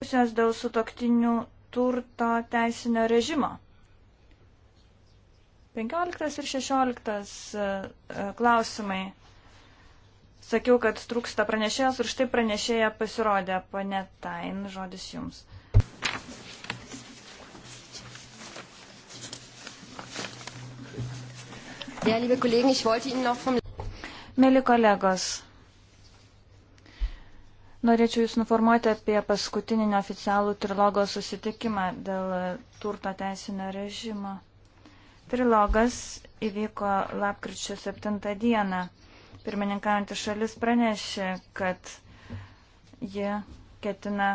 diskusijos dėl sutoktinių turto teisinio režimo. 15 ir 16 e, e, klausimai. Sakiau, kad trūksta pranešėjas ir štai pranešėja pasirodė. Pane Tain, žodis jums. Ja, liebe Kollegen, ich wollte Ihnen noch vom Mėly kolegos, Norėčiau Jūs informuoti apie paskutinį neoficialų trilogo susitikimą dėl turto teisinio režimo. Trilogas įvyko lapkričio 7 dieną. Pirmininkaujantys šalis pranešė, kad ji ketina,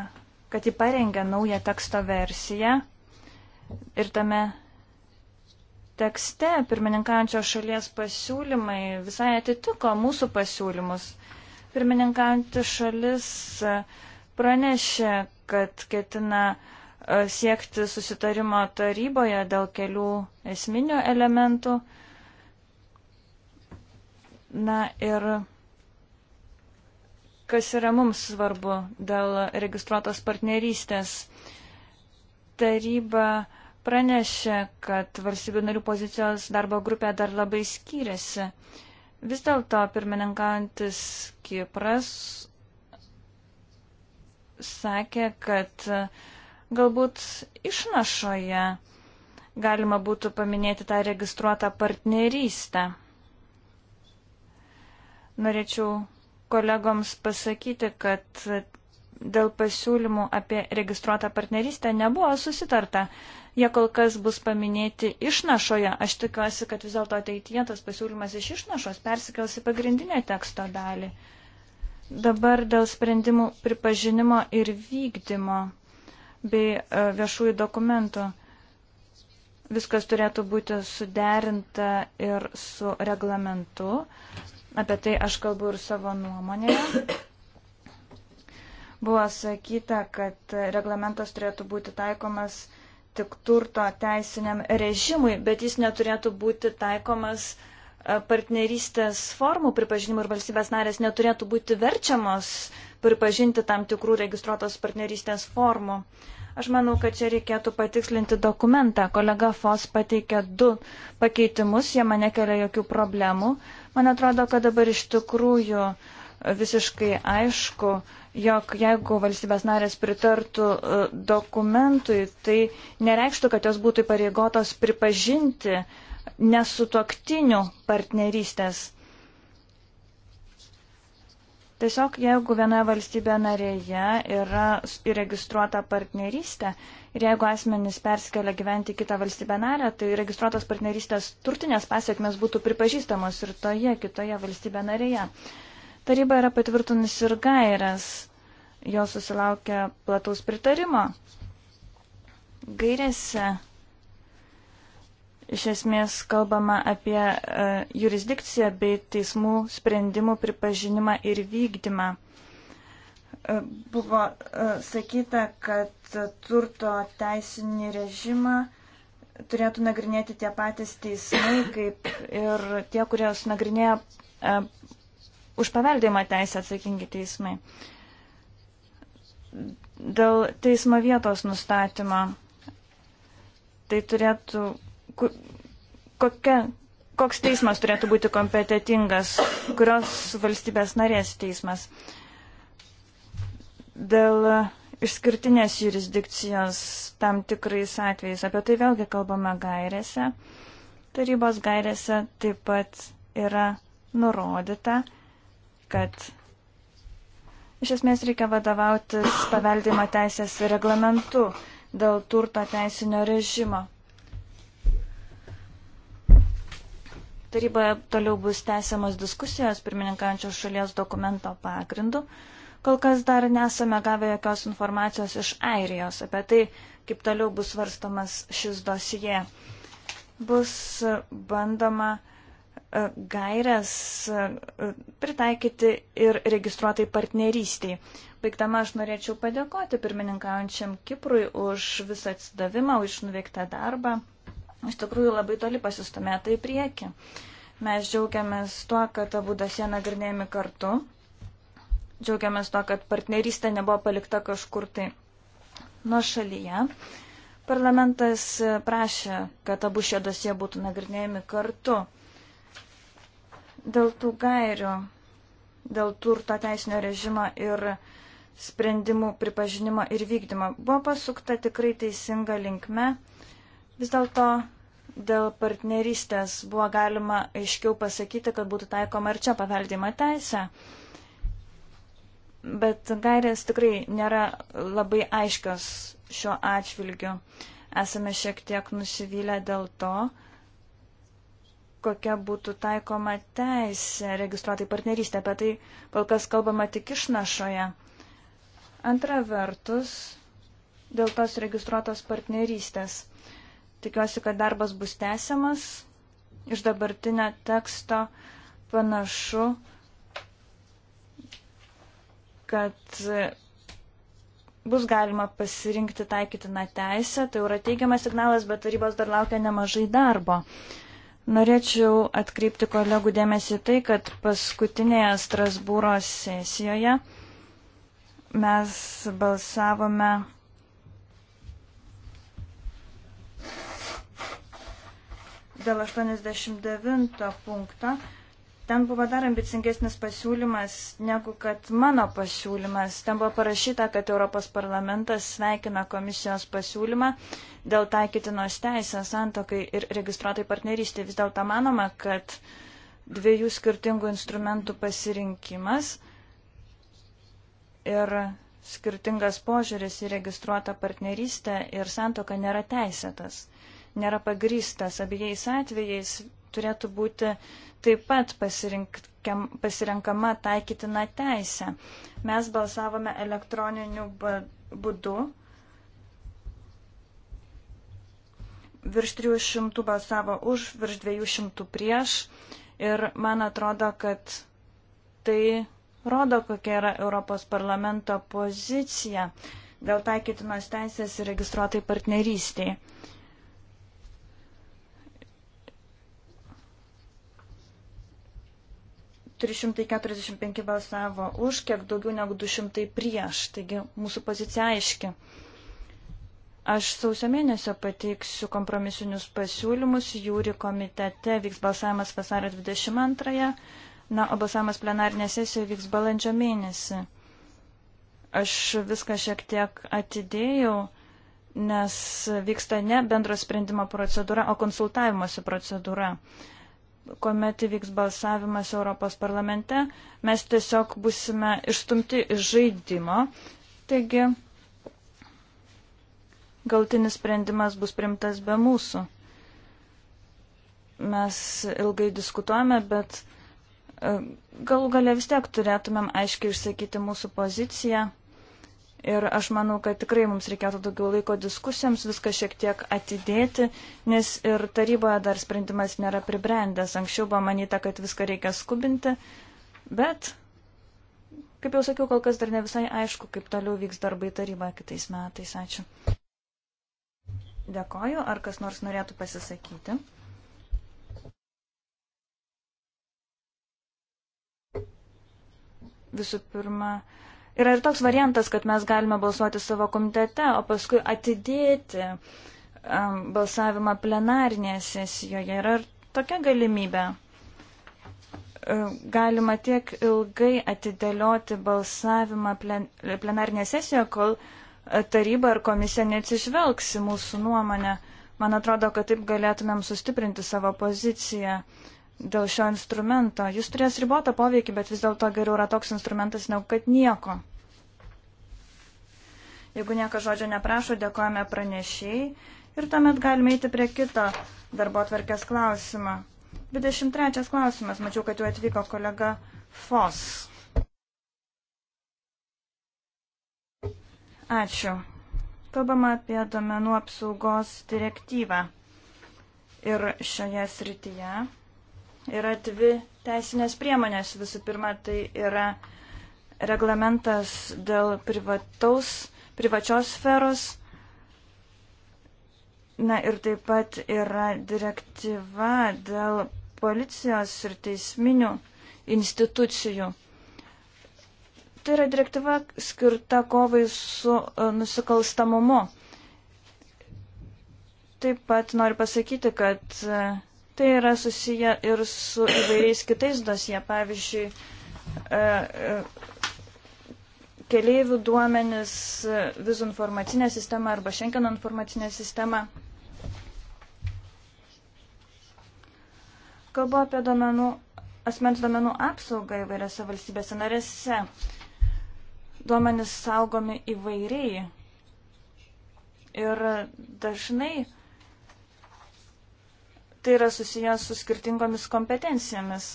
kad ji parengė naują teksto versiją ir tame tekste pirmininkaujančios šalies pasiūlymai visai atitiko mūsų pasiūlymus. Pirmininkanti šalis e, pranešė, kad ketina e, siekti susitarimo taryboje dėl kelių esminių elementų. Na ir kas yra mums svarbu dėl registruotos partnerystės. Taryba pranešė, kad valstybių narių pozicijos darbo grupė dar labai skyrėsi. Uh, Vis dėlto pirmininkantis Kipras sakė, kad e, galbūt išnašoje galima būtų paminėti tą registruotą partnerystę. Norėčiau kolegoms pasakyti, kad dėl pasiūlymų apie registruotą partnerystę nebuvo susitarta. Jie kol kas bus paminėti išnašoje. Aš tikiuosi, kad vis dėlto ateityje tas pasiūlymas iš išnašos persikels į pagrindinę teksto dalį. Dabar dėl sprendimų pripažinimo ir vykdymo bei e, viešųjų dokumentų. Viskas turėtų būti suderinta ir su reglamentu. Apie tai aš kalbu ir savo nuomonėje. Buvo sakyta, kad reglamentas turėtų būti taikomas tik turto teisiniam režimui, bet jis neturėtų būti taikomas e, partnerystės formų pripažinimų ir valstybės narės neturėtų būti verčiamos pripažinti tam tikrų registruotos partnerystės formų. Aš manau, kad čia reikėtų patikslinti dokumentą. Kolega Fos pateikė du pakeitimus, jie mane kelia jokių problemų. Man atrodo, kad dabar iš tikrųjų visiškai aišku, uh, jog jeigu valstybės narės pritartų e, dokumentui, tai nereikštų, kad jos būtų pareigotos pripažinti nesutoktinių partnerystės. Tiesiog jeigu vienoje valstybėje narėje yra įregistruota partnerystė ir jeigu asmenys perskelia gyventi kitą valstybę narę, tai registruotos partnerystės turtinės pasiekmes būtų pripažįstamos ir toje kitoje valstybėje narėje. Uh, Taryba yra patvirtinusi ir gairias. Jo susilaukia plataus pritarimo. Gairėse iš esmės kalbama apie uh, jurisdikciją bei teismų sprendimų pripažinimą ir vykdymą. Uh, buvo uh, sakyta, kad turto teisinį režimą turėtų nagrinėti tie patys teismai, kaip ir tie, kurios nagrinėja už paveldimą teisę atsakingi teismai. Dėl teismo vietos nustatymo, tai turėtų, kokia, koks teismas turėtų būti kompetitingas, kurios valstybės narės teismas. Dėl išskirtinės jurisdikcijos tam tikrais atvejais, apie tai vėlgi kalbame gairėse. Tarybos gairėse taip pat yra nurodyta, kad iš esmės reikia vadovautis paveldimo teisės reglamentu dėl turto teisinio režimo. Taryboje toliau bus tęsiamos diskusijos pirmininkančios šalies dokumento pagrindu. Kol kas dar nesame gavę jokios informacijos iš Airijos apie tai, kaip toliau bus svarstomas šis dosije. Bus bandoma uh, E, gairias e, pritaikyti ir registruotai partnerystiai. Baigdama aš norėčiau padėkoti pirmininkaujančiam Kiprui už visą atsidavimą, už nuveiktą darbą. Iš tikrųjų labai toli pasistumėta į priekį. Mes džiaugiamės tuo, kad abu dosie nagrinėjami kartu. Džiaugiamės tuo, kad partnerystė nebuvo palikta kažkur tai nuo šalyje. Parlamentas prašė, kad abu šie dosie būtų nagrinėjami kartu. Dėl tų gairių, dėl turto teisinio režimo ir sprendimų pripažinimo ir vykdymo buvo pasukta tikrai teisinga linkme. Vis dėlto dėl partnerystės buvo galima aiškiau pasakyti, kad būtų taikoma ir čia paveldima teisė. Bet gairės tikrai nėra labai aiškios šiuo atžvilgiu. Esame šiek tiek nusivylę dėl to, kokia būtų taikoma teisė registruotai partnerystė. Apie tai kol kas kalbama tik išnašoje. Antra vertus, dėl tos registruotos partnerystės. Tikiuosi, kad darbas bus tęsiamas. Iš dabartinio teksto panašu, kad bus galima pasirinkti taikytiną teisę. Tai yra teigiamas signalas, bet tarybos dar laukia nemažai darbo. Uh, Norėčiau atkreipti kolegų dėmesį tai, kad paskutinėje Strasbūro sesijoje mes balsavome dėl 89 punkto Ten buvo dar ambicingesnis pasiūlymas negu kad mano pasiūlymas. Ten buvo parašyta, kad Europos parlamentas sveikina komisijos pasiūlymą dėl taikytinos teisės santokai ir registruotai partnerystė. Vis dėlto manoma, kad dviejų skirtingų instrumentų pasirinkimas ir skirtingas požiūris į registruotą partnerystę ir santoką nėra teisėtas, nėra pagrystas. Abiejais atvejais turėtų būti taip pat pasirenkama taikytina teisė. Mes balsavome elektroniniu būdu. Virš 300 balsavo už, virš 200 prieš. Ir man atrodo, kad tai rodo, kokia yra Europos parlamento pozicija dėl taikytinos teisės ir registruotai partnerystiai. 345 balsavo už, kiek daugiau negu 200 prieš. Taigi mūsų pozicija aiški. Aš sausio mėnesio pateiksiu kompromisinius pasiūlymus. Jūri komitete vyks balsavimas vasario 22, na, o balsavimas plenarinė sesija vyks balandžio mėnesį. Aš viską šiek tiek atidėjau, nes vyksta ne bendro sprendimo procedūra, o konsultavimuose procedūra. Uh, kuomet įvyks balsavimas Europos parlamente, mes tiesiog busime išstumti iš žaidimo. Taigi, galtinis sprendimas bus primtas be mūsų. Mes ilgai diskutuojame, bet e, galų gale vis tiek turėtumėm aiškiai išsakyti mūsų poziciją. Ir aš manau, kad tikrai mums reikėtų daugiau laiko diskusijams, viską šiek tiek atidėti, nes ir taryboje dar sprendimas nėra pribrendęs. Anksčiau buvo manyta, kad viską reikia skubinti, bet, kaip jau sakiau, kol kas dar ne visai aišku, kaip toliau vyks darbai taryba kitais metais. Ačiū. Dėkoju. Ar kas nors norėtų pasisakyti? Visų pirma, Yra ir toks variantas, kad mes galime balsuoti savo komitete, o paskui atidėti um, balsavimą plenarinėje sesijoje. Yra ir tokia galimybė. E, galima tiek ilgai atidėlioti balsavimą plen, plenarinėje sesijoje, kol e, taryba ar komisija neatsižvelgsi mūsų nuomonę. Man atrodo, kad taip galėtumėm sustiprinti savo poziciją. Uh, dėl šio instrumento. Jis turės ribotą poveikį, bet vis dėlto geriau yra toks instrumentas negu kad nieko. Jeigu nieko žodžio neprašo, dėkojame pranešėjai ir tuomet galime eiti prie kito darbo tvarkės klausimą. 23 klausimas, mačiau, kad jau atvyko kolega Fos. Ačiū. Kalbama apie domenų apsaugos direktyvą. Ir šioje srityje yra dvi teisinės priemonės. Visų pirma, tai yra reglamentas dėl privataus, privačios sferos. Na ir taip pat yra direktyva dėl policijos ir teisminių institucijų. Tai yra direktyva skirta kovai su e, nusikalstamumu. Taip pat noriu pasakyti, kad e, Tai yra susiję ir su įvairiais kitais dosie, pavyzdžiui, e, e, keleivių duomenis, vizų informacinę sistemą arba Schengeno informacinę sistemą. Kalbu apie domenų, asmens domenų apsaugą įvairiose valstybėse narėse. Duomenis saugomi įvairiai. Ir dažnai uh, tai yra susijęs su skirtingomis kompetencijomis.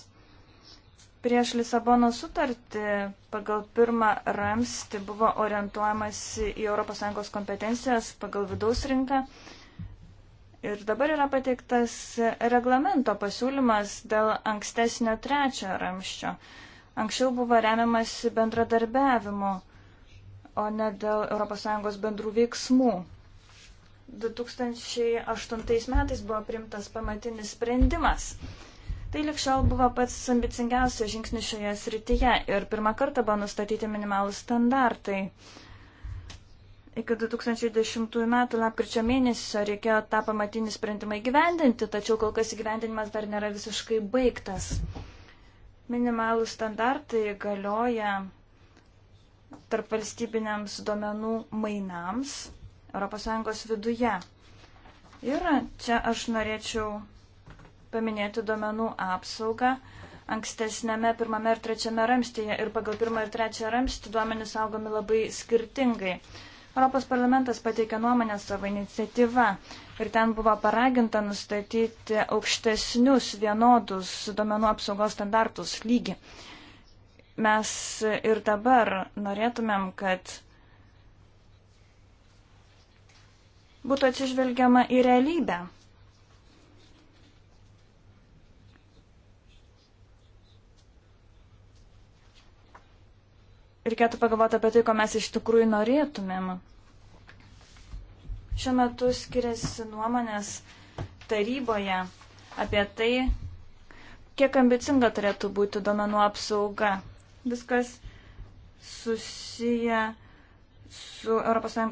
Prieš Lisabono sutartį pagal pirmą ramstį buvo orientuojamas į ES kompetencijas pagal vidaus rinką. Ir dabar yra pateiktas reglamento pasiūlymas dėl ankstesnio trečio ramščio. Anksčiau buvo remiamasi bendradarbiavimu, o ne dėl ES bendrų veiksmų. 2008 metais buvo primtas pamatinis sprendimas. Tai likščiau buvo pats ambicingiausias žingsnis šioje srityje ir pirmą kartą buvo nustatyti minimalus standartai. Iki 2010 metų lapkričio mėnesio reikėjo tą pamatinį sprendimą įgyvendinti, tačiau kol kas įgyvendinimas dar nėra visiškai baigtas. Minimalų standartai galioja tarp valstybiniams duomenų mainams ES viduje. Ir čia aš norėčiau paminėti duomenų apsaugą ankstesnėme pirmame ir trečiame ramstyje ir pagal pirmą ir trečią ramstį duomenys saugomi labai skirtingai. Europos parlamentas pateikė nuomonę savo iniciatyvą ir ten buvo paraginta nustatyti aukštesnius vienodus duomenų apsaugos standartus lygį. Mes ir dabar norėtumėm, kad būtų atsižvelgiama į realybę. reikėtų pagalvoti apie tai, ko mes iš tikrųjų norėtumėm. Šiuo metu skiriasi nuomonės taryboje apie tai, kiek ambicinga turėtų būti duomenų apsauga. Viskas susiję su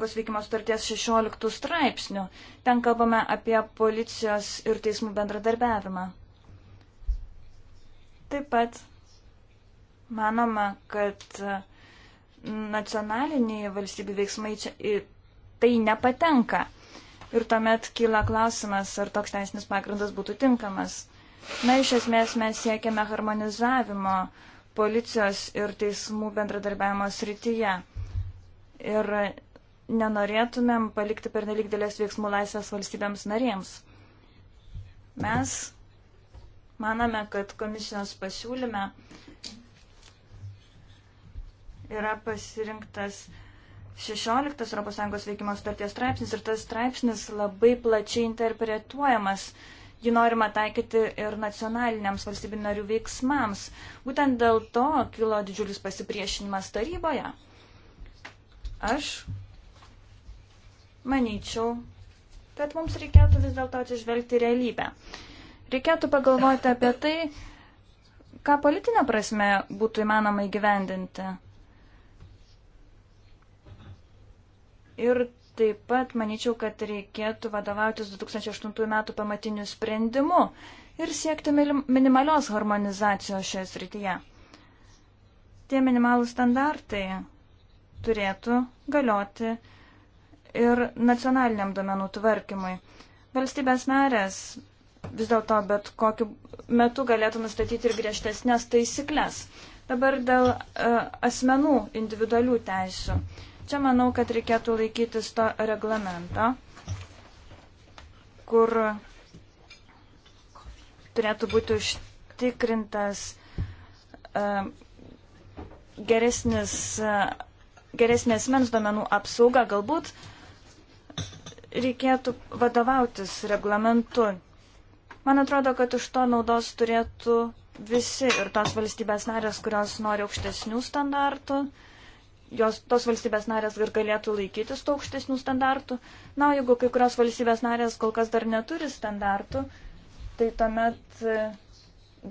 ES veikimo sutarties 16 straipsniu. Ten kalbame apie policijos ir teismų bendradarbiavimą. Taip pat manoma, kad nacionaliniai valstybių veiksmai čia, tai nepatenka. Ir tuomet kyla klausimas, ar toks teisinis pagrindas būtų tinkamas. Na, iš esmės mes siekiame harmonizavimo policijos ir teismų bendradarbiavimo srityje ir nenorėtumėm palikti per nelik dėlės veiksmų laisvės valstybėms narėms. Mes maname, kad komisijos pasiūlyme yra pasirinktas 16 ES veikimo sutarties straipsnis ir tas straipsnis labai plačiai interpretuojamas. Jį norima taikyti ir nacionaliniams valstybių narių veiksmams. Būtent dėl to kilo didžiulis pasipriešinimas taryboje. Aš manyčiau, kad mums reikėtų vis dėlto atsižvelgti realybę. Reikėtų pagalvoti apie tai, ką politinė prasme būtų įmanoma įgyvendinti. Ir taip pat manyčiau, kad reikėtų vadovautis 2008 metų pamatiniu sprendimu ir siekti minimalios harmonizacijos šioje srityje. Tie minimalų standartai turėtų galioti ir nacionaliniam domenų tvarkymui. Valstybės narės vis dėlto bet kokiu metu galėtų nustatyti ir griežtesnės taisyklės. Dabar dėl e, asmenų individualių teisių. Čia manau, kad reikėtų laikytis to reglamento, kur turėtų būti užtikrintas e, geresnis e, geresnė asmens duomenų apsauga, galbūt reikėtų vadovautis reglamentu. Man atrodo, kad iš to naudos turėtų visi ir tos valstybės narės, kurios nori aukštesnių standartų, jos, tos valstybės narės ir galėtų laikytis to aukštesnių standartų. Na, o jeigu kai kurios valstybės narės kol kas dar neturi standartų, tai tuomet e,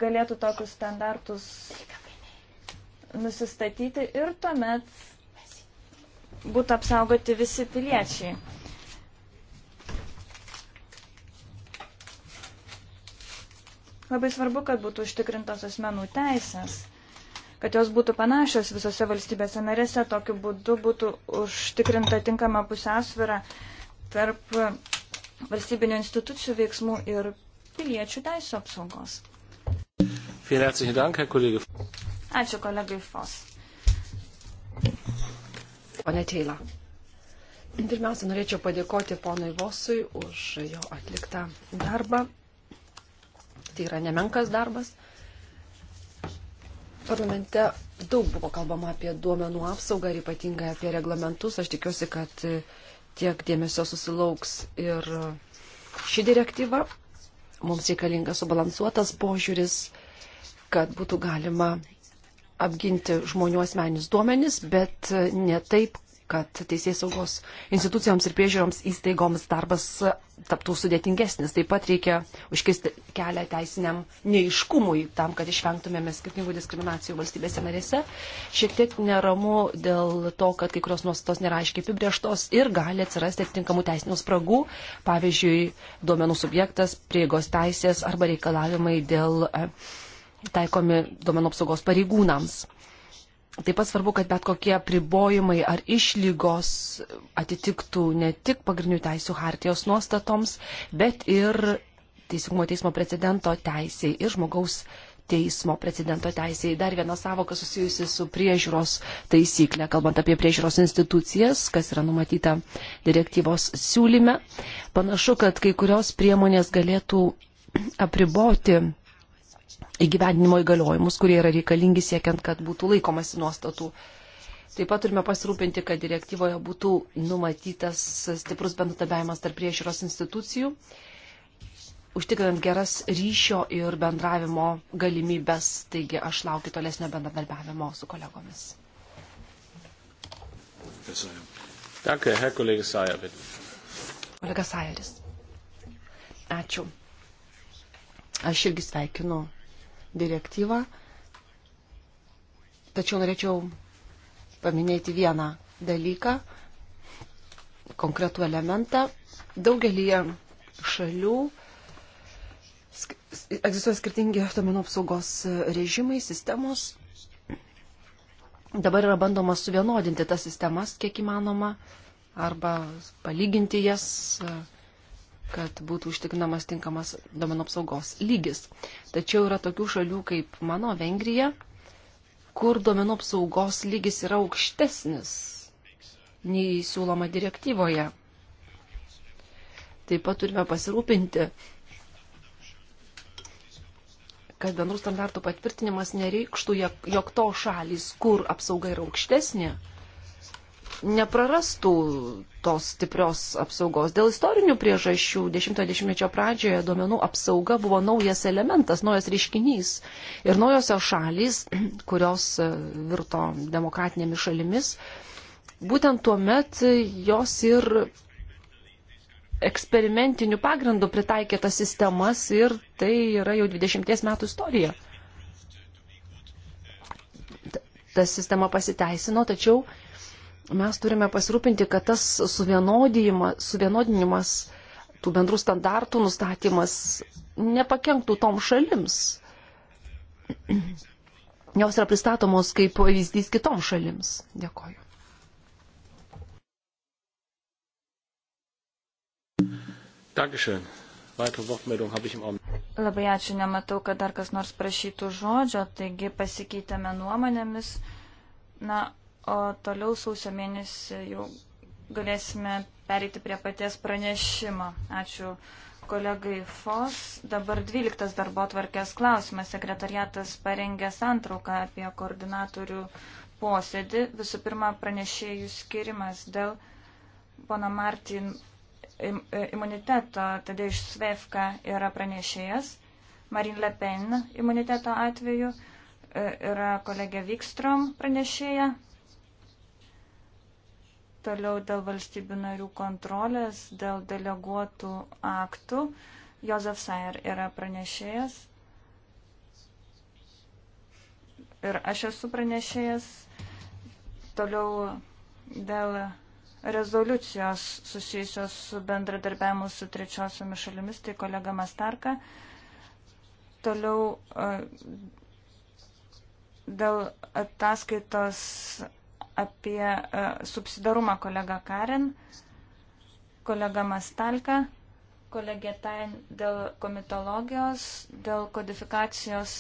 galėtų tokius standartus nusistatyti ir tuomet būtų apsaugoti visi piliečiai. Labai svarbu, kad būtų užtikrintos asmenų teisės, kad jos būtų panašios visose valstybėse narėse, tokiu būdu būtų užtikrinta tinkama pusiausvyrą tarp valstybinio institucijų veiksmų ir piliečių teisų apsaugos. Ačiū kolegai Fos. Pone Teila. Pirmiausia, norėčiau padėkoti ponui Vosui už jo atliktą darbą. Tai yra nemenkas darbas. Parlamente daug buvo kalbama apie duomenų apsaugą ir ypatingai apie reglamentus. Aš tikiuosi, kad tiek dėmesio susilauks ir ši direktyva. Mums reikalingas subalansuotas požiūris, kad būtų galima apginti žmonių asmenis duomenis, bet ne taip, kad teisės saugos institucijoms ir priežiūroms įstaigoms darbas taptų sudėtingesnis. Taip pat reikia užkisti kelią teisiniam neiškumui tam, kad išvengtumėme skirtingų diskriminacijų valstybėse narėse. Šiek tiek neramu dėl to, kad kai kurios nuostatos nėra aiškiai apibrieštos ir gali atsirasti atitinkamų teisinių spragų, pavyzdžiui, duomenų subjektas, prieigos teisės arba reikalavimai dėl. E, taikomi duomenų apsaugos pareigūnams. Taip pat svarbu, kad bet kokie pribojimai ar išlygos atitiktų ne tik pagrindinių teisų hartijos nuostatoms, bet ir Teisingumo teismo precedento teisiai ir žmogaus teismo precedento teisėjai. Dar viena savoka susijusi su priežiūros taisyklė, kalbant apie priežiūros institucijas, kas yra numatyta direktyvos siūlyme. Panašu, kad kai kurios priemonės galėtų apriboti įgyvendinimo įgaliojimus, kurie yra reikalingi siekiant, kad būtų laikomasi nuostatų. Taip pat turime pasirūpinti, kad direktyvoje būtų numatytas stiprus bendratabiavimas tarp priežiūros institucijų, užtikrinant geras ryšio ir bendravimo galimybės. Taigi aš laukiu tolesnio bendradarbiavimo su kolegomis. Danke, Herr Kollege Sajer, bitte. Kolega Sajeris. Ačiū. Aš irgi sveikinu direktyvą. Tačiau norėčiau paminėti vieną dalyką, konkretų elementą. Daugelį šalių egzistuoja skirtingi domenų apsaugos režimai, sistemos. Dabar yra bandoma suvienodinti tas sistemas, kiek įmanoma, arba palyginti jas, kad būtų užtikrinamas tinkamas domenų apsaugos lygis. Tačiau yra tokių šalių kaip mano Vengrija, kur domenų apsaugos lygis yra aukštesnis nei siūloma direktyvoje. Taip pat turime pasirūpinti, kad bendrų standartų patvirtinimas nereikštų, jog to šalis, kur apsauga yra aukštesnė, neprarastų tos stiprios apsaugos. Dėl istorinių priežasčių 10-mečio pradžioje duomenų apsauga buvo naujas elementas, naujas reiškinys. Ir naujosios šalys, kurios e, virto demokratinėmis šalimis, būtent tuo met jos ir eksperimentiniu pagrindu pritaikė tas sistemas ir tai yra jau 20 metų istorija. Ta sistema pasiteisino, tačiau Mes turime pasirūpinti, kad tas suvienodinimas, tų bendrų standartų nustatymas nepakenktų tom šalims. Jos yra pristatomos kaip pavyzdys kitom šalims. Dėkoju. Dankeschön. Weitere Wortmeldung habe ich im Augenblick. Labai ačiū, nematau, kad dar kas nors prašytų žodžio, taigi pasikeitėme nuomonėmis. Na, o toliau sausio mėnesį jau galėsime pereiti prie paties pranešimo. Ačiū kolegai Fos. Dabar 12 darbo tvarkės klausimas. Sekretariatas parengė santrauką apie koordinatorių posėdį. Visų pirma, pranešėjų skirimas dėl pono Martin e, imuniteto, tada iš Svefka yra pranešėjas, Marine Le Pen imuniteto atveju e, yra kolegė Vikstrom pranešėja, Toliau dėl valstybių narių kontrolės, dėl deleguotų aktų. Jozef Sayer yra pranešėjas. Ir aš esu pranešėjas. Toliau dėl rezoliucijos susijusios su bendradarbiavimu su trečiosiomis šalimis, tai kolega Mastarka. Toliau e, dėl ataskaitos apie e, subsidarumą kolega Karin, kolega Mastalka, kolegė Tain dėl komitologijos, dėl kodifikacijos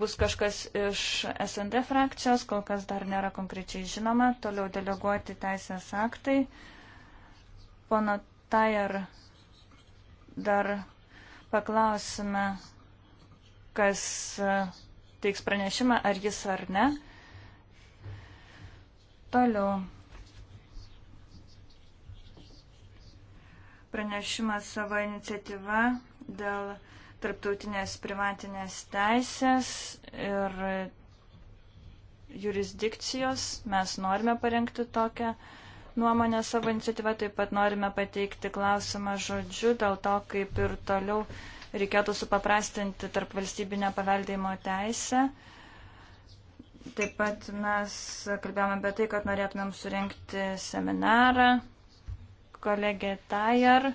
bus kažkas iš SND frakcijos, kol kas dar nėra konkrečiai žinoma, toliau deleguoti teisės aktai. Pono Tajer dar paklausime, kas e, teiks pranešimą, ar jis ar ne. Toliau. Pranešimas savo iniciatyva dėl tarptautinės privatinės teisės ir jurisdikcijos. Mes norime parengti tokią nuomonę savo iniciatyvą, taip pat norime pateikti klausimą žodžiu dėl to, kaip ir toliau reikėtų supaprastinti tarp valstybinę paveldėjimo teisę. Taip pat mes kalbėjome apie tai, kad norėtumėm surenkti seminarą. Kolegė Tajar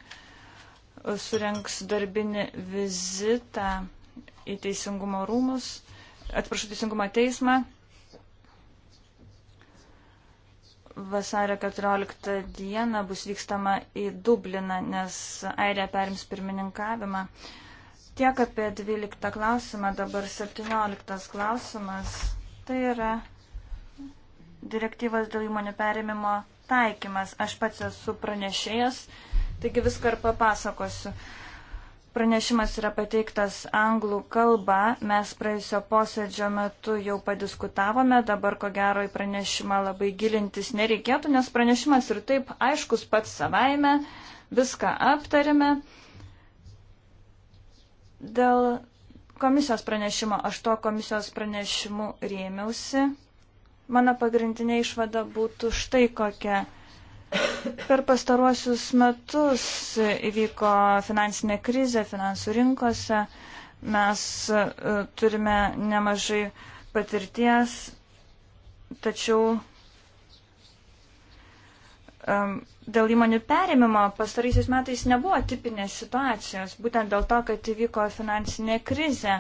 surenks darbinį vizitą į Teisingumo rūmus, atsiprašau, Teisingumo teismą. Vasario 14 dieną bus vykstama į Dubliną, nes Airija perims pirmininkavimą. Tiek apie 12 klausimą, dabar 17 klausimas. Tai yra direktyvos dėl įmonių perėmimo taikymas. Aš pats esu pranešėjas, taigi viską ir papasakosiu. Pranešimas yra pateiktas anglų kalba, mes praėjusio posėdžio metu jau padiskutavome, dabar ko gero į pranešimą labai gilintis nereikėtų, nes pranešimas ir taip aiškus pats savaime, viską aptarėme. Dėl komisijos pranešimo. Aš to komisijos pranešimu rėmiausi. Mano pagrindinė išvada būtų štai kokia. Per pastaruosius metus įvyko finansinė krizė finansų rinkose. Mes e, turime nemažai patirties, tačiau dėl įmonių perėmimo pastaraisiais metais nebuvo tipinės situacijos, būtent dėl to, kad įvyko finansinė krizė.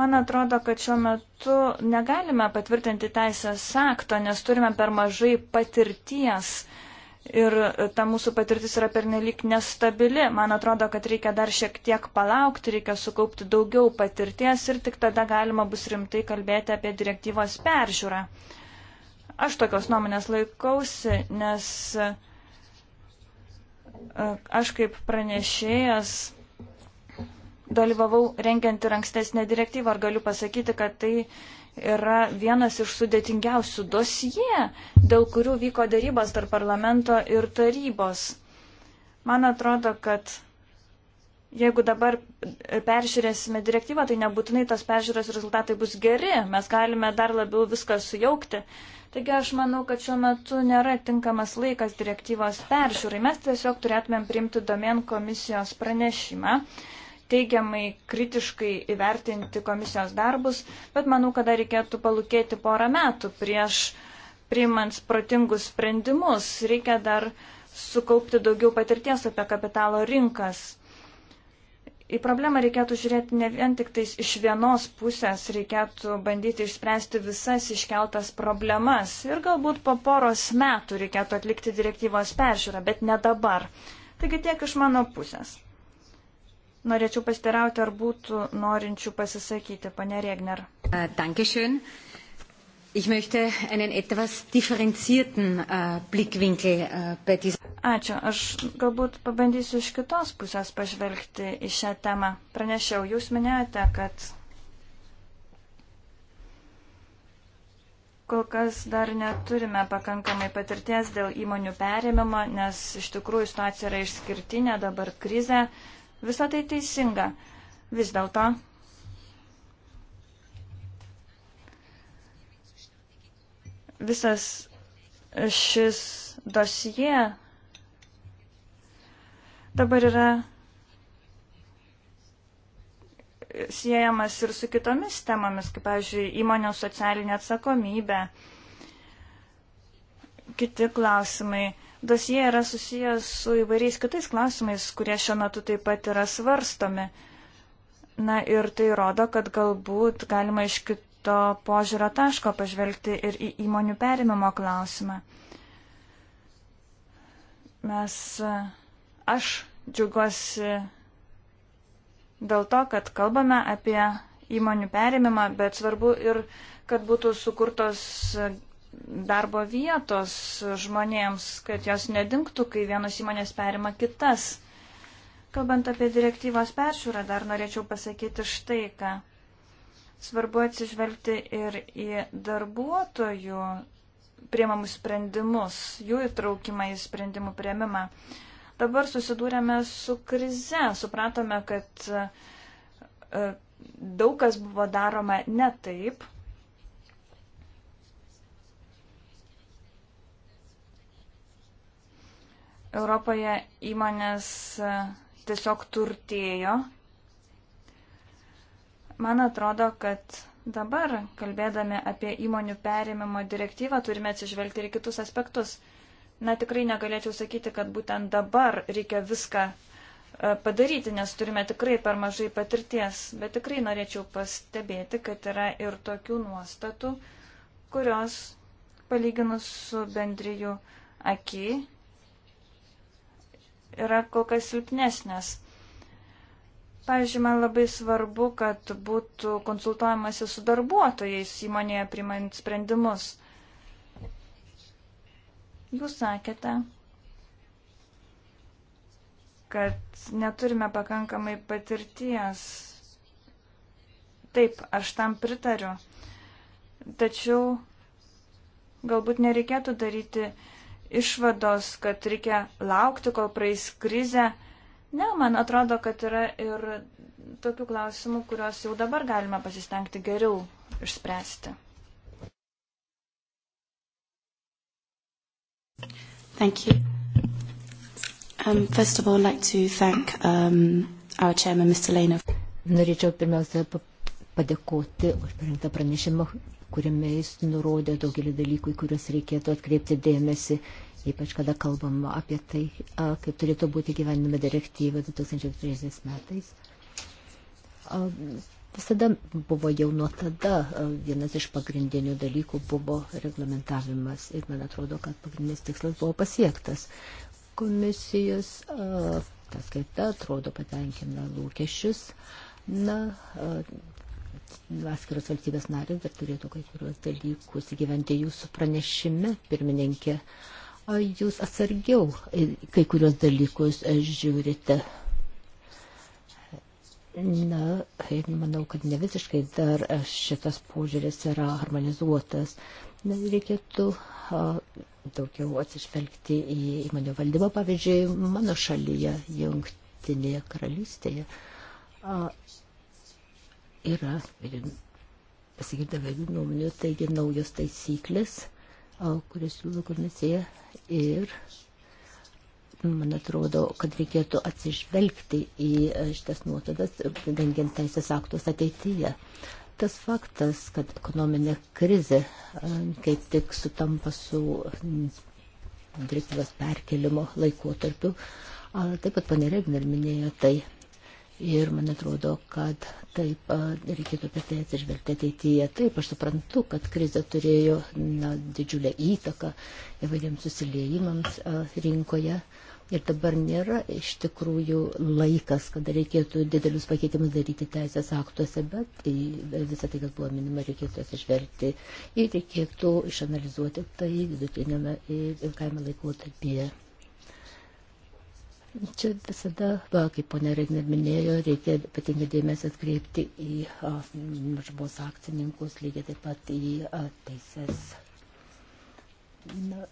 Man atrodo, kad šiuo metu negalime patvirtinti teisės akto, nes turime per mažai patirties ir ta mūsų patirtis yra pernelik nestabili. Man atrodo, kad reikia dar šiek tiek palaukti, reikia sukaupti daugiau patirties ir tik tada galima bus rimtai kalbėti apie direktyvos peržiūrą. Aš tokios nuomonės laikausi, nes e, aš kaip pranešėjas dalyvavau rengiant ir ankstesnę direktyvą ir galiu pasakyti, kad tai yra vienas iš sudėtingiausių dosie, dėl kurių vyko darybos tarp parlamento ir tarybos. Man atrodo, kad jeigu dabar peržiūrėsime direktyvą, tai nebūtinai tos peržiūros rezultatai bus geri, mes galime dar labiau viską sujaukti. Taigi aš manau, kad šiuo metu nėra tinkamas laikas direktyvos peržiūrai. Mes tiesiog turėtumėm priimti domen komisijos pranešimą, teigiamai kritiškai įvertinti komisijos darbus, bet manau, kad dar reikėtų palūkėti porą metų prieš priimant protingus sprendimus. Reikia dar sukaupti daugiau patirties apie kapitalo rinkas į problemą reikėtų žiūrėti ne vien tik tais iš vienos pusės, reikėtų bandyti išspręsti visas iškeltas problemas ir galbūt po poros metų reikėtų atlikti direktyvos peržiūrą, bet ne dabar. Taigi tiek iš mano pusės. Norėčiau pastirauti, ar būtų norinčių pasisakyti, pane Regner. Dankeschön. Ich möchte einen etwas differenzierten äh, Blickwinkel äh, bei dieser. Ačiū. Aš galbūt pabandysiu iš kitos pusės pažvelgti į šią temą. Pranešiau, jūs minėjote, kad kol kas dar neturime pakankamai patirties dėl įmonių perėmimo, nes iš tikrųjų situacija yra išskirtinė, dabar krize. Visą tai teisinga. Vis dėlto visas šis dosie dabar yra siejamas ir su kitomis temomis, kaip, pavyzdžiui, įmonių socialinė atsakomybė, kiti klausimai. Dosie yra susijęs su įvairiais kitais klausimais, kurie šiuo metu taip pat yra svarstomi. Na ir tai rodo, kad galbūt galima iš kitų kito požiūrio taško pažvelgti ir į įmonių perimimo klausimą. Mes, aš džiugosi dėl to, kad kalbame apie įmonių perimimą, bet svarbu ir, kad būtų sukurtos darbo vietos žmonėms, kad jos nedingtų, kai vienos įmonės perima kitas. Kalbant apie direktyvos peržiūrą, dar norėčiau pasakyti štai ką. Svarbu atsižvelgti ir į darbuotojų priemamus sprendimus, jų įtraukimą į sprendimų prieimimą. Dabar susidūrėme su krize, supratome, kad e, daug kas buvo daroma ne taip. Europoje įmonės e, tiesiog turtėjo Man atrodo, kad dabar, kalbėdami apie įmonių perėmimo direktyvą, turime atsižvelgti ir kitus aspektus. Na, tikrai negalėčiau sakyti, kad būtent dabar reikia viską e, padaryti, nes turime tikrai per mažai patirties, bet tikrai norėčiau pastebėti, kad yra ir tokių nuostatų, kurios, palyginus su bendriju aki, yra kol kas silpnesnės. Pavyzdžiui, man labai svarbu, kad būtų konsultuojamasi su darbuotojais įmonėje primant sprendimus. Jūs sakėte, kad neturime pakankamai patirties. Taip, aš tam pritariu. Tačiau galbūt nereikėtų daryti išvados, kad reikia laukti, kol praeis krizė Ne, man atrodo, kad yra ir tokių klausimų, kuriuos jau dabar galima pasistengti geriau išspręsti. Thank you. Um, first of all, I'd like to thank um, our chairman, Mr. Lena. Norėčiau pirmiausia padėkoti už parengtą pranešimą, kuriame jis nurodė daugelį dalykų, į kuriuos reikėtų atkreipti dėmesį. Uh, ypač kada kalbam apie tai, kaip turėtų būti gyvenime direktyva 2003 metais. Visada buvo jau nuo tada vienas iš pagrindinių dalykų buvo reglamentavimas ir man atrodo, kad pagrindinis tikslas buvo pasiektas. Komisijos ataskaita atrodo patenkina lūkesčius. Na, atskiros valstybės narės dar turėtų kai kuriuos dalykus įgyventi jūsų pranešime, pirmininkė. Uh, jūs atsargiau kai kurios dalykus e, žiūrite. Na, e, manau, kad ne visiškai dar e, šitas požiūris yra harmonizuotas. Na, reikėtų a, daugiau atsižvelgti į įmonių valdybą, pavyzdžiui, mano šalyje, Jungtinėje karalystėje, a, yra, pasigirda vairių nuomonių, taigi naujos taisyklės kuris siūlo komisija ir nu, man atrodo, kad reikėtų atsižvelgti į šitas nuotadas, dengiant teisės aktus ateityje. Tas faktas, kad ekonominė krizė kaip tik sutampa su direktyvas perkelimo laikotarpiu, taip pat paneregnal minėjo tai. Ir man atrodo, kad taip reikėtų apie tai atsižvelgti ateityje. Taip, aš suprantu, kad krizė turėjo na, didžiulę įtaką įvairiems susiliejimams rinkoje. Ir dabar nėra iš tikrųjų laikas, kada reikėtų didelius pakeitimus daryti teisės aktuose, bet į visą tai, kas buvo minima, reikėtų atsižvelgti ir reikėtų išanalizuoti tai vidutiniame kaimo e, laikotarpyje. Čia visada, va, kaip ponė Regner minėjo, reikia ypatingai dėmesį atkreipti į žmogaus akcininkus, lygiai taip pat į a, teises. Na,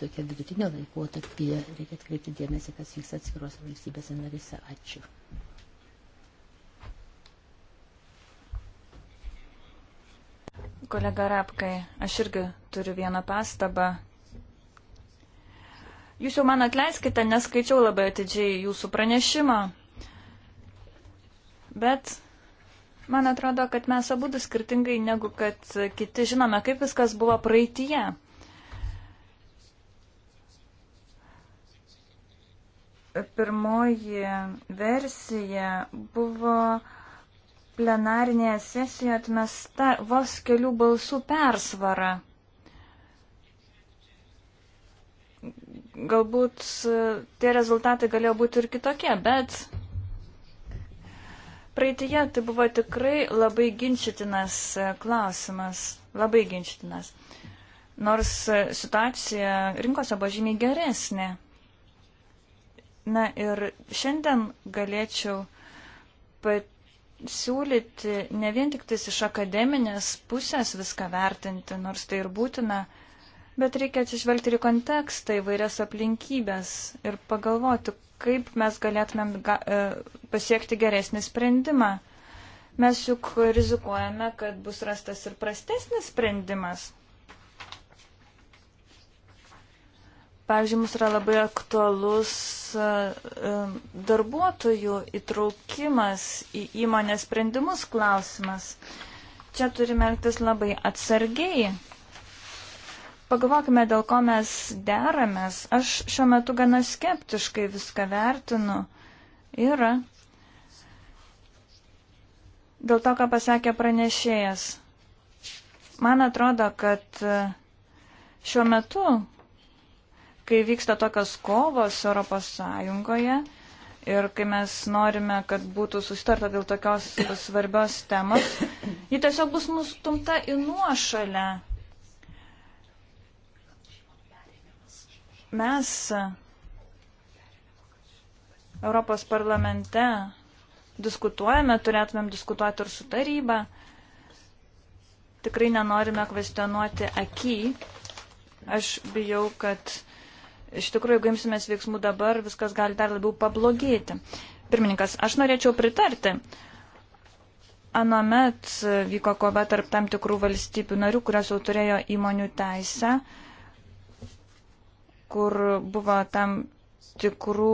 tokia vidutinio laikotarpyje reikia atkreipti dėmesį, kas vyks atskiros valstybėse narise. Ačiū. Kolega Rapkai, aš irgi turiu vieną pastabą Jūs jau man atleiskite, neskaičiau labai atidžiai jūsų pranešimą. Bet man atrodo, kad mes abu du skirtingai negu kad kiti žinome, kaip viskas buvo praeitie. Pirmoji versija buvo plenarinėje sesijoje atmesta vos kelių balsų persvara. galbūt e, tie rezultatai galėjo būti ir kitokie, bet praeitie tai buvo tikrai labai ginčytinas e, klausimas, labai ginčytinas. Nors e, situacija rinkose buvo žymiai geresnė. Na ir šiandien galėčiau pasiūlyti ne vien tik tais iš akademinės pusės viską vertinti, nors tai ir būtina, bet reikia atsižvelgti ir į kontekstą, įvairias aplinkybės ir pagalvoti, kaip mes galėtumėm ga, e, pasiekti geresnį sprendimą. Mes juk rizikuojame, kad bus rastas ir prastesnis sprendimas. Pavyzdžiui, mums yra labai aktualus e, e, darbuotojų įtraukimas į įmonės sprendimus klausimas. Čia turime elgtis labai atsargiai, Pagalvokime, dėl ko mes deramės. Aš šiuo metu gana skeptiškai viską vertinu. Yra. Dėl to, ką pasakė pranešėjas. Man atrodo, kad e, šiuo metu, kai vyksta tokios kovos Europos Sąjungoje, ir kai mes norime, kad būtų sustarta dėl tokios svarbios temos, ji tiesiog bus nustumta į nuošalę. Mes Europos parlamente diskutuojame, turėtumėm diskutuoti ir su taryba. Tikrai nenorime kvestionuoti akį. Aš bijau, kad iš tikrųjų, jeigu imsimės veiksmų dabar, viskas gali dar labiau pablogėti. Pirmininkas, aš norėčiau pritarti. Anomet vyko kova tarp tam tikrų valstybių narių, kurios jau turėjo įmonių teisę kur buvo tam tikrų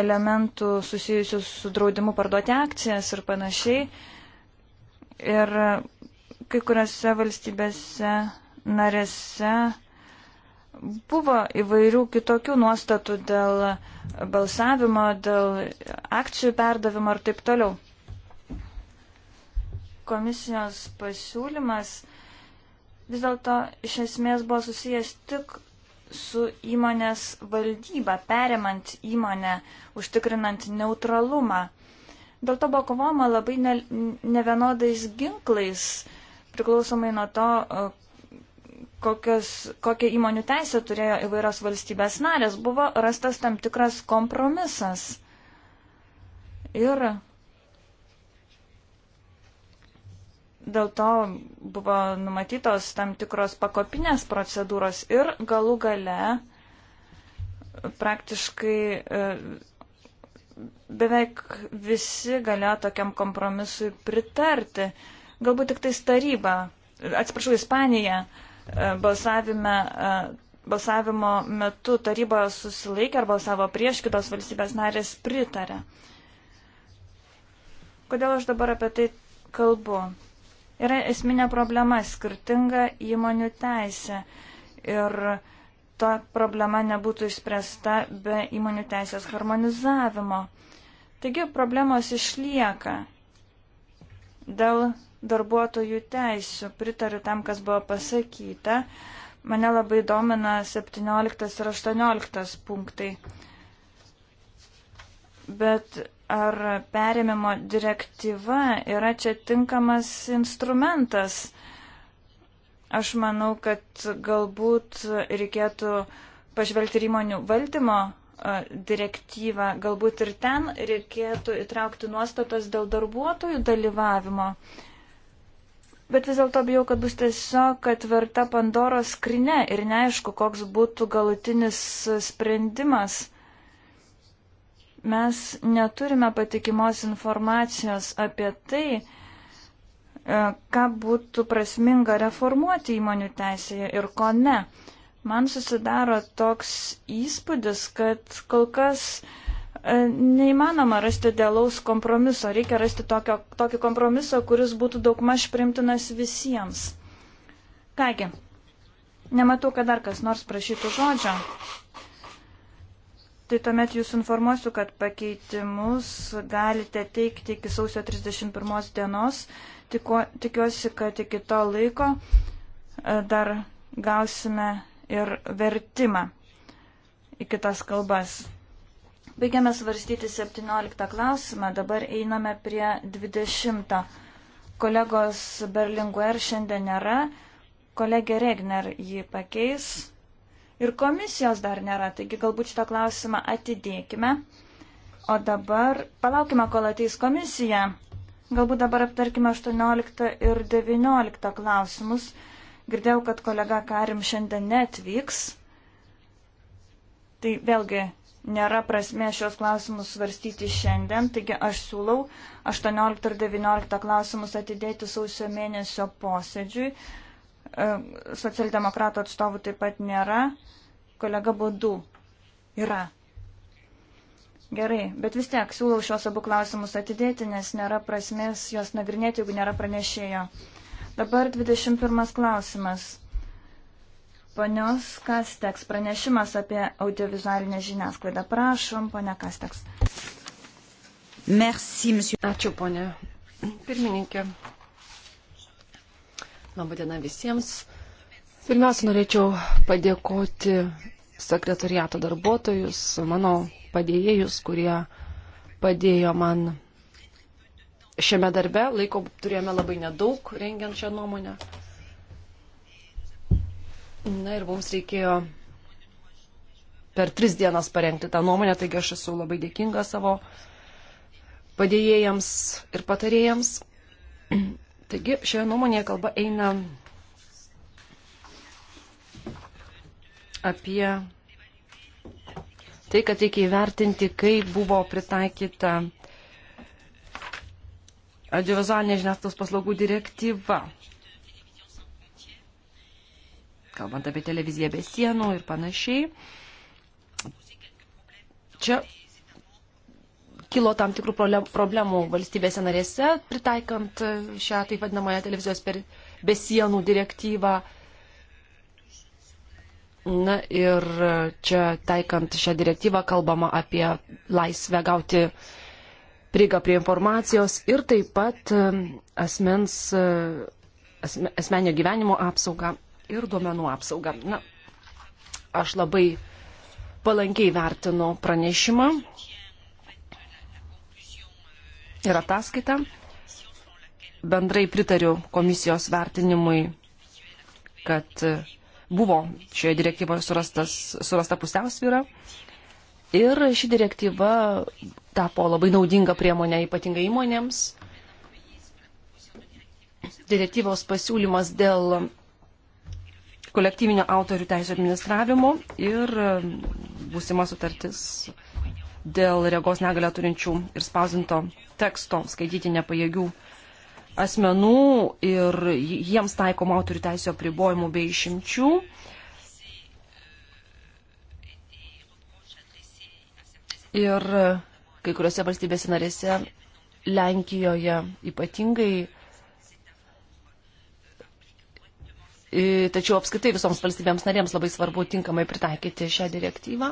elementų susijusių su draudimu parduoti akcijas ir panašiai. Ir kai kuriuose valstybėse narėse buvo įvairių kitokių nuostatų dėl balsavimo, dėl akcijų perdavimo ir taip toliau. Komisijos pasiūlymas vis dėlto iš esmės buvo susijęs tik su įmonės valdyba, perimant įmonę, užtikrinant neutralumą. Dėl to buvo kovoma labai ne, nevienodais ginklais, priklausomai nuo to, e, kokios, kokią įmonių teisę turėjo įvairios valstybės narės. Buvo rastas tam tikras kompromisas. Ir Dėl to buvo numatytos tam tikros pakopinės procedūros ir galų gale e, praktiškai e, beveik visi galėjo tokiam kompromisui pritarti. Galbūt tik tais taryba, atsiprašau, Ispanija e, balsavime, balsavimo metu taryba susilaikė ar balsavo prieš, kitos valstybės narės pritarė. Kodėl aš dabar apie tai kalbu? Yra esminė problema - skirtinga įmonių teisė. Ir ta problema nebūtų išspręsta be įmonių teisės harmonizavimo. Taigi problemos išlieka dėl darbuotojų teisų. Pritariu tam, kas buvo pasakyta. Mane labai domina 17 ir 18 punktai. Bet ar perėmimo direktyva yra čia tinkamas instrumentas. Aš manau, kad galbūt reikėtų pažvelgti ir įmonių valdymo direktyvą, galbūt ir ten reikėtų įtraukti nuostatas dėl darbuotojų dalyvavimo. Bet vis dėlto bijau, kad bus tiesiog atverta Pandoros skrinė ir neaišku, koks būtų galutinis sprendimas. Mes neturime patikimos informacijos apie tai, e, ką būtų prasminga reformuoti įmonių teisėje ir ko ne. Man susidaro toks įspūdis, kad kol kas e, neįmanoma rasti dėlaus kompromiso. Reikia rasti tokio, tokį kompromiso, kuris būtų daugmaž primtinas visiems. Kągi, nematau, kad dar kas nors prašytų žodžio tai tuomet jūs informuosiu, kad pakeitimus galite teikti iki sausio 31 dienos. Tiku, tikiuosi, kad iki to laiko e, dar gausime ir vertimą į kitas kalbas. Baigiame svarstyti 17 klausimą, dabar einame prie 20. Kolegos Berlinguer šiandien nėra, kolegė Regner jį pakeis ir komisijos dar nėra, taigi galbūt šitą klausimą atidėkime. O dabar palaukime, kol ateis komisija. Galbūt dabar aptarkime 18 ir 19 klausimus. Girdėjau, kad kolega Karim šiandien netvyks. Tai vėlgi nėra prasmė šios klausimus svarstyti šiandien, taigi aš siūlau 18 ir 19 klausimus atidėti sausio mėnesio posėdžiui. Socialdemokratų atstovų taip pat nėra. Kolega Bodu yra. Gerai, bet vis tiek siūlau šios abu klausimus atidėti, nes nėra prasmės jos nagrinėti, jeigu nėra pranešėjo. Dabar 21 klausimas. Ponios Kasteks, pranešimas apie audiovizualinę žiniasklaidą. Prašom, ponia Kasteks. Merci, monsieur. Ačiū, ponia pirmininkė. Labadiena visiems. Pirmiausia, norėčiau padėkoti sekretariato darbuotojus, mano padėjėjus, kurie padėjo man šiame darbe. Laiko turėjome labai nedaug rengiant šią nuomonę. Na ir mums reikėjo per tris dienas parengti tą nuomonę, taigi aš esu labai dėkinga savo padėjėjams ir patarėjams. Taigi šioje nuomonėje kalba eina apie tai, kad reikia įvertinti, kaip buvo pritaikyta audiovizualinės žiniasklaidos paslaugų direktyva. Kalbant apie televiziją be sienų ir panašiai. Čia kilo tam tikrų problemų valstybėse narėse, pritaikant e, šią taip vadinamąją televizijos per besienų direktyvą. Na ir e, čia taikant šią direktyvą kalbama apie laisvę gauti prieigą prie informacijos ir taip pat e, asmens, asme, asmenio gyvenimo apsaugą ir duomenų apsaugą. Na, aš labai palankiai vertinu pranešimą ir ataskaitą. Bendrai pritariu komisijos vertinimui, kad buvo šioje direktyvoje surastas, surasta pusiausvyra. Ir ši direktyva tapo labai naudinga priemonė ypatingai įmonėms. Direktyvos pasiūlymas dėl kolektyvinio autorių teisų administravimo ir būsima sutartis dėl regos negalę turinčių ir spausinto teksto skaityti nepajėgių asmenų ir jiems taikomo autorių teisio pribojimų bei išimčių. Ir kai kuriuose valstybėse narėse, Lenkijoje ypatingai, tačiau apskaitai visoms valstybėms narėms labai svarbu tinkamai pritaikyti šią direktyvą.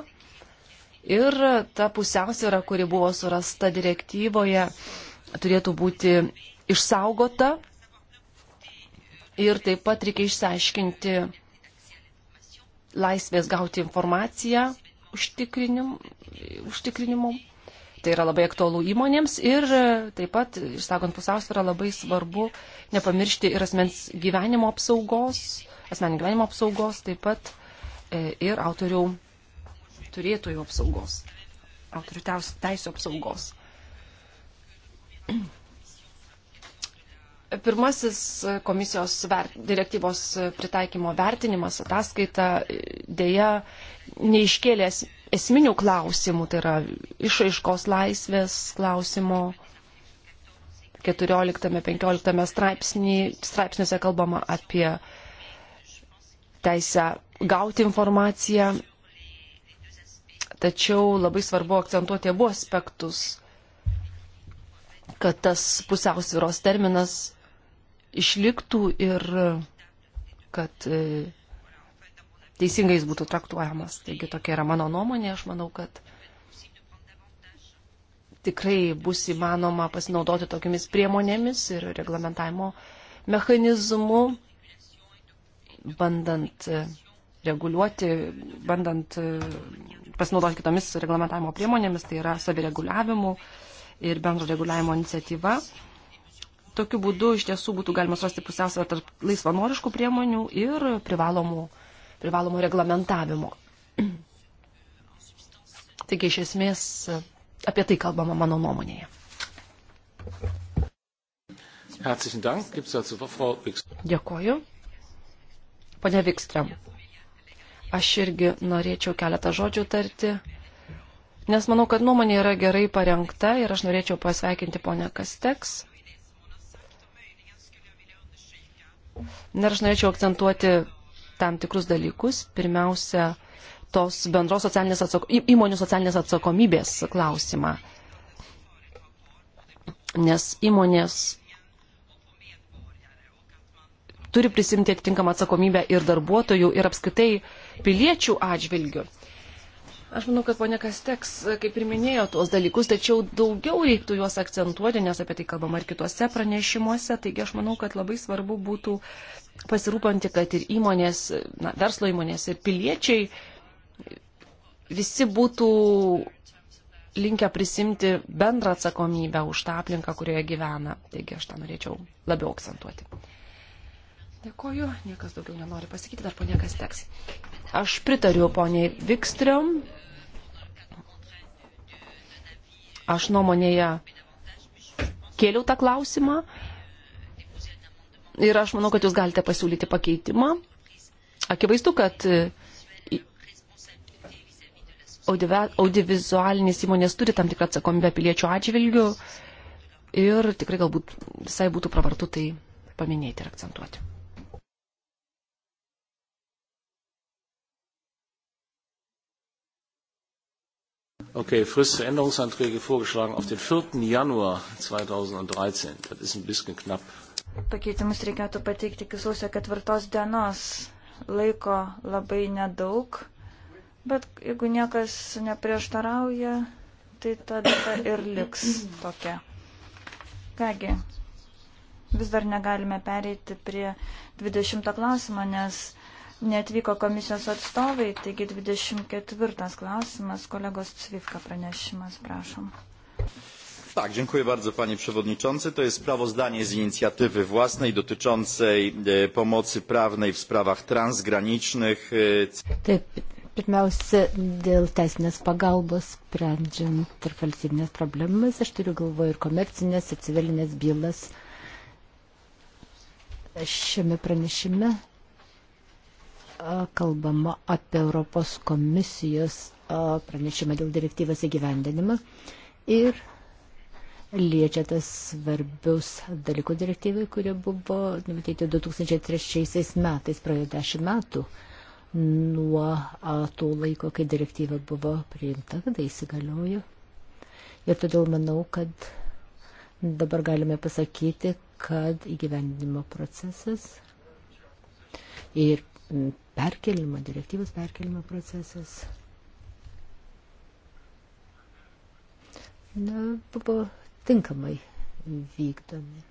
Ir ta pusiausvėra, kuri buvo surasta direktyvoje, turėtų būti išsaugota. Ir taip pat reikia išsiaiškinti laisvės gauti informaciją užtikrinim, užtikrinimu. Tai yra labai aktualu įmonėms ir taip pat, išsakant pusiausvyrą, labai svarbu nepamiršti ir asmens gyvenimo apsaugos, asmeninio gyvenimo apsaugos, taip pat e, ir autorių turėtojų apsaugos, autorių teisų apsaugos. Pirmasis komisijos vert, direktyvos pritaikymo vertinimas ataskaita dėja neiškėlės esminių klausimų, tai yra išaiškos laisvės klausimo 14-15 straipsnį, straipsniuose kalbama apie teisę gauti informaciją Tačiau labai svarbu akcentuoti abu aspektus, kad tas pusiausviros terminas išliktų ir kad e, teisingai jis būtų traktuojamas. Taigi tokia yra mano nuomonė, aš manau, kad tikrai bus įmanoma pasinaudoti tokiamis priemonėmis ir reglamentavimo mechanizmu, bandant e, reguliuoti, bandant e, pasinaudoti kitomis reglamentavimo priemonėmis, tai yra savireguliavimu ir bendro reguliavimo iniciatyva. Tokiu būdu iš tiesų būtų galima surasti pusiausvę tarp laisvanoriškų priemonių ir privalomų, privalomų reglamentavimo. Taigi iš esmės apie tai kalbama mano nuomonėje. Dėkoju. Pane Vikstram, Aš irgi norėčiau keletą žodžių tarti, nes manau, kad nuomonė yra gerai parengta ir aš norėčiau pasveikinti ponę Kasteks. Na ir aš norėčiau akcentuoti tam tikrus dalykus. Pirmiausia, tos bendros socialinės atsako, įmonių socialinės atsakomybės klausimą. Nes įmonės turi prisimti atitinkamą atsakomybę ir darbuotojų, ir apskritai piliečių atžvilgių. Aš manau, kad ponė Kasteks, kaip ir minėjo tuos dalykus, tačiau daugiau reiktų juos akcentuoti, nes apie tai kalbama ir kitose pranešimuose. Taigi aš manau, kad labai svarbu būtų pasirūpinti, kad ir įmonės, na, verslo įmonės ir piliečiai visi būtų linkę prisimti bendrą atsakomybę už tą aplinką, kurioje gyvena. Taigi aš tą norėčiau labiau akcentuoti. Dėkoju, niekas daugiau nenori pasakyti, dar ponia kas teks. Aš pritariu poniai Vikstriom. Aš nuomonėje kėliau tą klausimą ir aš manau, kad jūs galite pasiūlyti pakeitimą. Akivaizdu, kad audiovizualinės įmonės turi tam tikrą atsakomybę piliečių atžvilgių ir tikrai galbūt visai būtų pravartu tai paminėti ir akcentuoti. Okay, Frist für Änderungsanträge vorgeschlagen auf den 4. Januar 2013. Das ist ein bisschen knapp. Pakeitimus reikėtų pateikti iki sausio ketvirtos dienos. Laiko labai nedaug, bet jeigu niekas neprieštarauja, tai tada ir liks tokia. Kągi, vis dar negalime pereiti prie 20 klausimą, nes Netvyko komisijos atstovai, taigi 24 klausimas, kolegos Cvivka pranešimas, prašom. Tak, dziękuję bardzo panie przewodniczący. To jest sprawozdanie z inicjatywy własnej dotyczącej e, pomocy prawnej w sprawach transgranicznych. E, Taip, pirmiausia, dėl teisinės pagalbos sprendžiant tarp valstybinės problemas, aš turiu galvoje ir komercinės, ir civilinės bylas. Šiame pranešime kalbama apie Europos komisijos pranešimą dėl direktyvos įgyvendinimą ir liečia tas svarbius dalykų direktyvai, kurie buvo numatyti 2003 metais, praėjo 10 metų nuo to laiko, kai direktyva buvo priimta, kada įsigaliojo. Ir todėl manau, kad dabar galime pasakyti, kad įgyvendinimo procesas ir perkelimo, direktyvos perkelimo procesas. Na, buvo tinkamai vykdomi.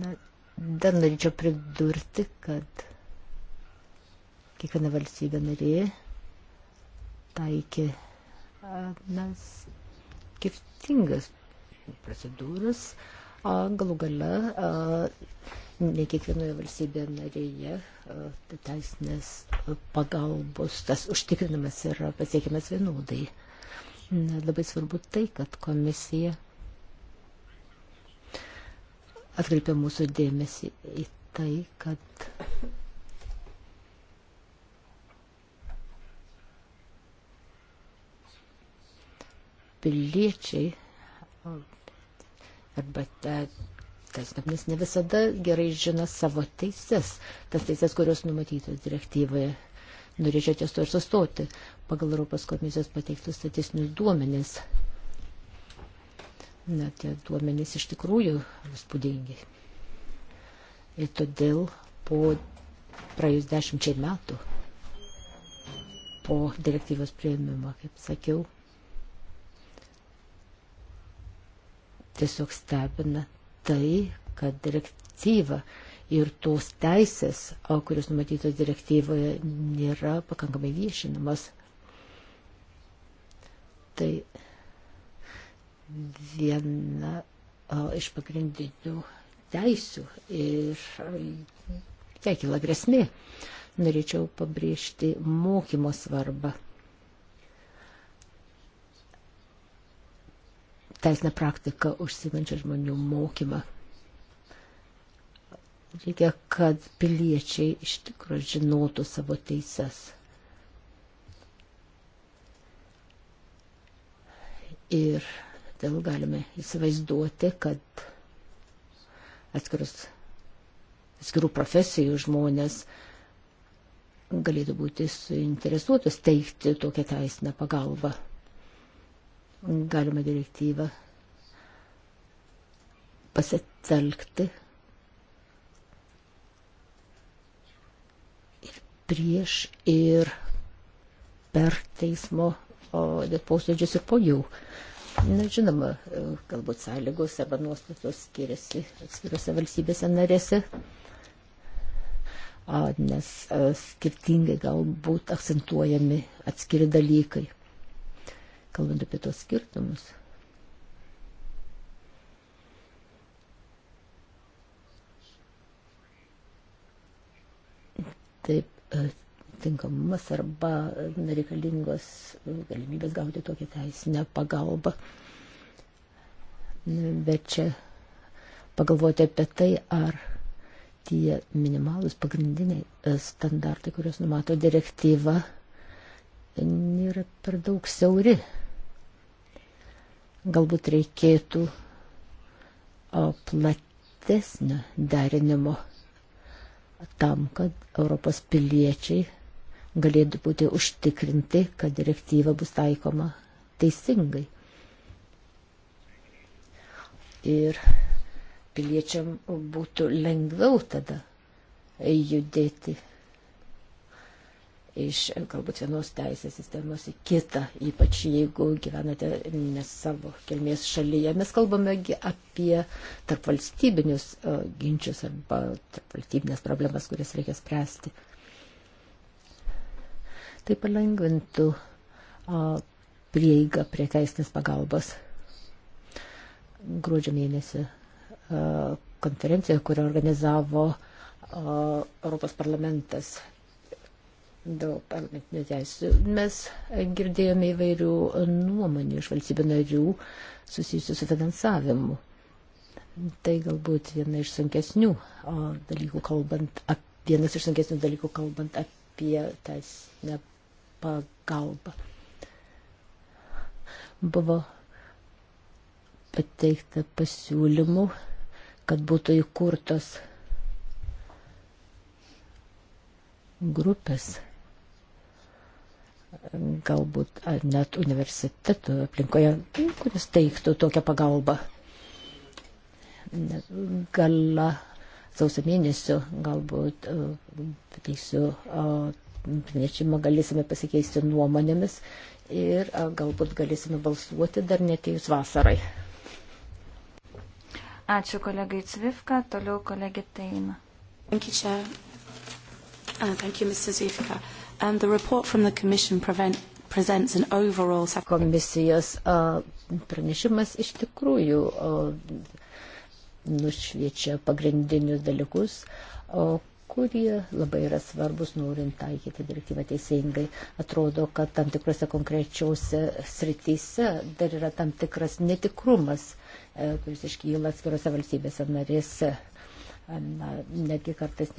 Na, dar norėčiau pridurti, kad kiekviena valstybė narė taikė na, skirtingas procedūras, galų gale ne kiekvienoje valstybėje narėje e, teisinės pagalbos, tas užtikrinimas yra pasiekiamas vienodai. Labai svarbu tai, kad komisija atkreipia mūsų dėmesį į tai, kad piliečiai arba teisėmis ne visada gerai žino savo teises, tas teises, kurios numatytos direktyvoje. Norėčiau ties to ir sustoti pagal Europos komisijos pateiktus statistinius duomenis. Na, tie duomenys iš tikrųjų spūdingi. Ir todėl po praėjus dešimčiai metų, po direktyvos prieimimo, kaip sakiau, tiesiog stebina tai, kad direktyva ir tos teisės, kurios numatytos direktyvoje, nėra pakankamai viešinamas. Tai viena o, iš pagrindinių teisių ir jai kila grėsmė. Norėčiau pabrėžti mokymo svarbą teisinę praktiką užsimančių žmonių mokymą. Reikia, kad piliečiai iš tikrųjų žinotų savo teises. Ir todėl galime įsivaizduoti, kad atskirus, atskirų profesijų žmonės galėtų būti suinteresuotus teikti tokią teisinę pagalbą galima direktyvą pasitelkti ir prieš ir per teismo posėdžius ir po jų. Na, žinoma, galbūt sąlygos arba nuostatos skiriasi atskirose valstybėse narėse, nes skirtingai galbūt akcentuojami atskiri dalykai kalbant apie tos skirtumus. Taip, e, tinkamumas arba reikalingos galimybės gauti tokią teisinę pagalbą. Bet čia pagalvoti apie tai, ar tie minimalus pagrindiniai e, standartai, kuriuos numato direktyva, nėra per daug siauri. Galbūt reikėtų platesnio derinimo tam, kad Europos piliečiai galėtų būti užtikrinti, kad direktyva bus taikoma teisingai. Ir piliečiam būtų lengviau tada judėti iš galbūt vienos teisės sistemos į kitą, ypač jeigu gyvenate ne savo kilmės šalyje. Mes kalbame apie tarpvalstybinius e, ginčius arba tarpvalstybinės problemas, kurias reikia spręsti. Tai palengvintų prieigą prie teisinės pagalbos. Gruodžio mėnesį konferencija, kurią organizavo Europos parlamentas Dėl parlamentinių teisų mes girdėjome įvairių nuomonių iš valstybių narių susijusių su finansavimu. Tai galbūt viena iš sunkesnių dalykų kalbant, ap, vienas iš sunkesnių dalykų kalbant apie teisinę pagalbą. Buvo pateikta pasiūlymų, kad būtų įkurtos grupės galbūt net universitetų aplinkoje, kuris teiktų tokią pagalbą. Gala sausio mėnesio galbūt pateisiu e, pranešimą, galėsime pasikeisti nuomonėmis ir e, galbūt galėsime balsuoti dar netėjus vasarai. Ačiū kolegai Cvifka, toliau kolegė Teina. Thank you, Chair. Uh, thank you, Mr. Zivka. Uh, and the report from the Commission prevent, presents an overall... Komisijos uh, pranešimas iš tikrųjų uh, nušviečia pagrindinius dalykus, uh, kurie labai yra svarbus, norint taikyti direktyvą teisingai. Atrodo, kad tam tikrose konkrečiose srityse dar yra tam tikras netikrumas, uh, kuris iškyla atskirose valstybėse narėse. Uh, na, netgi kartais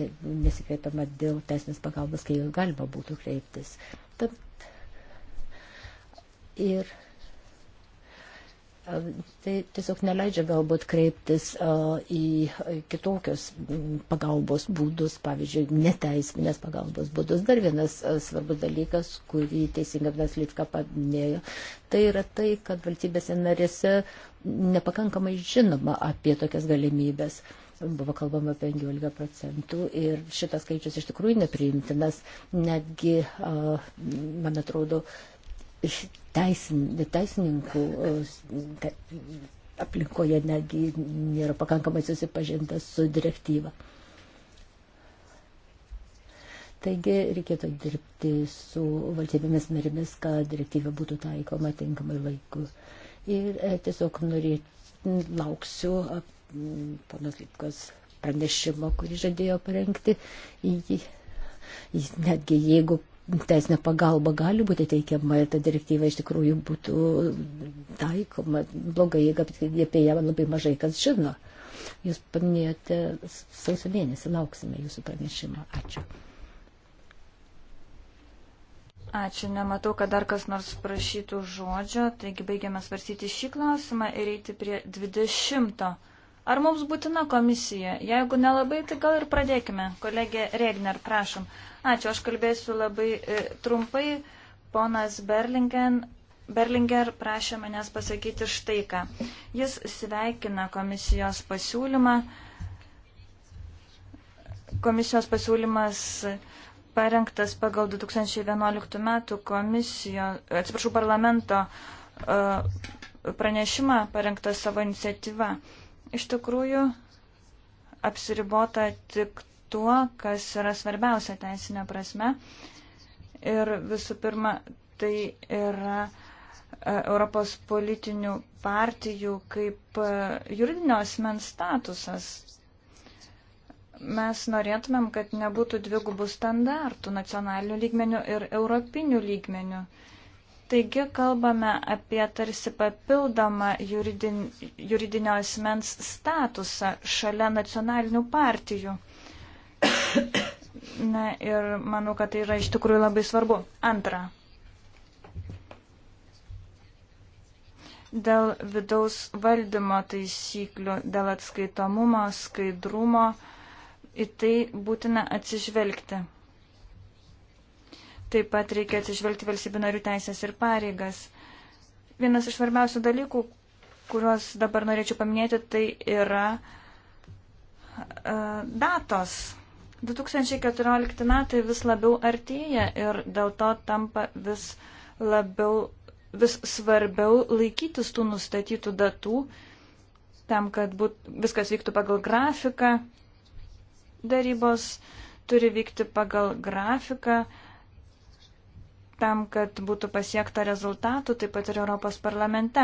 nesikreipiama dėl teisinės pagalbos, kai galima būtų kreiptis. Tad ir tai tiesiog neleidžia galbūt kreiptis į kitokios pagalbos būdus, pavyzdžiui, neteisminės pagalbos būdus. Dar vienas svarbus dalykas, kurį teisingas Litka paminėjo, tai yra tai, kad valstybėse narėse nepakankamai žinoma apie tokias galimybės buvo kalbama 15 procentų ir šitas skaičius iš tikrųjų nepriimtinas, netgi, man atrodo, iš teisin, teisininkų aplinkoje netgi nėra pakankamai susipažintas su direktyva. Taigi reikėtų dirbti su valstybėmis narimis, kad direktyva būtų taikoma tinkamai laiku. Ir e, tiesiog norėt, lauksiu panas Lipkas pranešimo, kurį žadėjo parengti. Jis netgi jeigu teisinė pagalba gali būti teikiama ir ta direktyva iš tikrųjų būtų taikoma blogai, jeigu apie ją labai mažai kas žino. Jūs paminėjote sausio mėnesį, lauksime jūsų pranešimo. Ačiū. Ačiū, nematau, kad dar kas nors prašytų žodžio, taigi baigiame svarstyti šį klausimą ir eiti prie 20. Ar mums būtina komisija? Jeigu nelabai, tai gal ir pradėkime. Kolegė Regner, prašom. Ačiū, aš kalbėsiu labai e, trumpai. Ponas Berlingen, Berlinger prašė manęs pasakyti štai ką. Jis sveikina komisijos pasiūlymą. Komisijos pasiūlymas parengtas pagal 2011 metų komisijo, atsiprašau, parlamento e, pranešimą parengtą savo iniciatyvą. E, Iš tikrųjų, apsiribota tik tuo, kas yra svarbiausia teisinė prasme. Ir visų pirma, tai yra e, Europos politinių partijų kaip e, juridinio asmens statusas. Mes norėtumėm, kad nebūtų dvigubų standartų nacionalinių lygmenių ir europinių lygmenių. Taigi kalbame apie tarsi papildomą juridin, juridinio asmens statusą šalia nacionalinių partijų. Na ir manau, kad tai yra iš tikrųjų labai svarbu. Antra. Dėl vidaus valdymo taisyklių, dėl atskaitomumo, skaidrumo, į tai būtina atsižvelgti. Taip pat reikia atsižvelgti valstybių narių teisės ir pareigas. Vienas iš svarbiausių dalykų, kuriuos dabar norėčiau paminėti, tai yra uh, datos. 2014 metai vis labiau artėja ir dėl to tampa vis, labiau, vis svarbiau laikytis tų nustatytų datų, tam, kad būt, viskas vyktų pagal grafiką. Darybos turi vykti pagal grafiką. Uh, tam, kad būtų pasiekta rezultatų, taip pat ir Europos parlamente.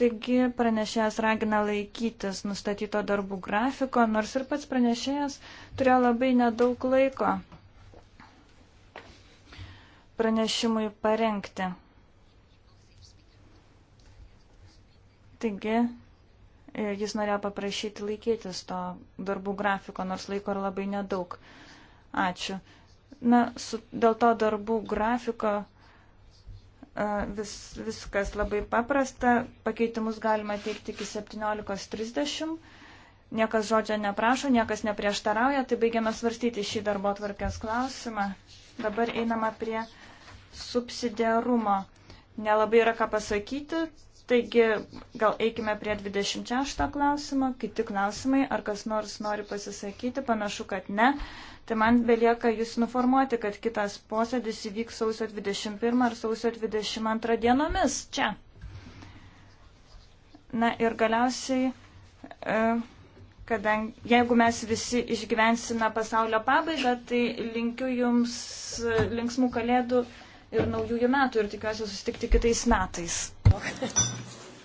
Taigi pranešėjas ragina laikytis nustatyto darbų grafiko, nors ir pats pranešėjas turėjo labai nedaug laiko pranešimui parengti. Taigi e, jis norėjo paprašyti laikytis to darbų grafiko, nors laiko ir labai nedaug. Ačiū. Na, su, dėl to darbų grafiko vis, viskas labai paprasta. Pakeitimus galima teikti iki 17.30. Niekas žodžio neprašo, niekas neprieštarauja, tai baigiame svarstyti šį darbo tvarkės klausimą. Dabar einama prie subsidiarumo. Nelabai yra ką pasakyti, taigi gal eikime prie 26 klausimo. Kiti klausimai, ar kas nors nori pasisakyti, panašu, kad ne. Tai man belieka jūs nuformuoti, kad kitas posėdis įvyks sausio 21 ar sausio 22 dienomis čia. Na ir galiausiai, e, kadangi jeigu mes visi išgyvensime pasaulio pabaigą, tai linkiu jums linksmų kalėdų ir naujųjų metų ir tikiuosi susitikti kitais metais.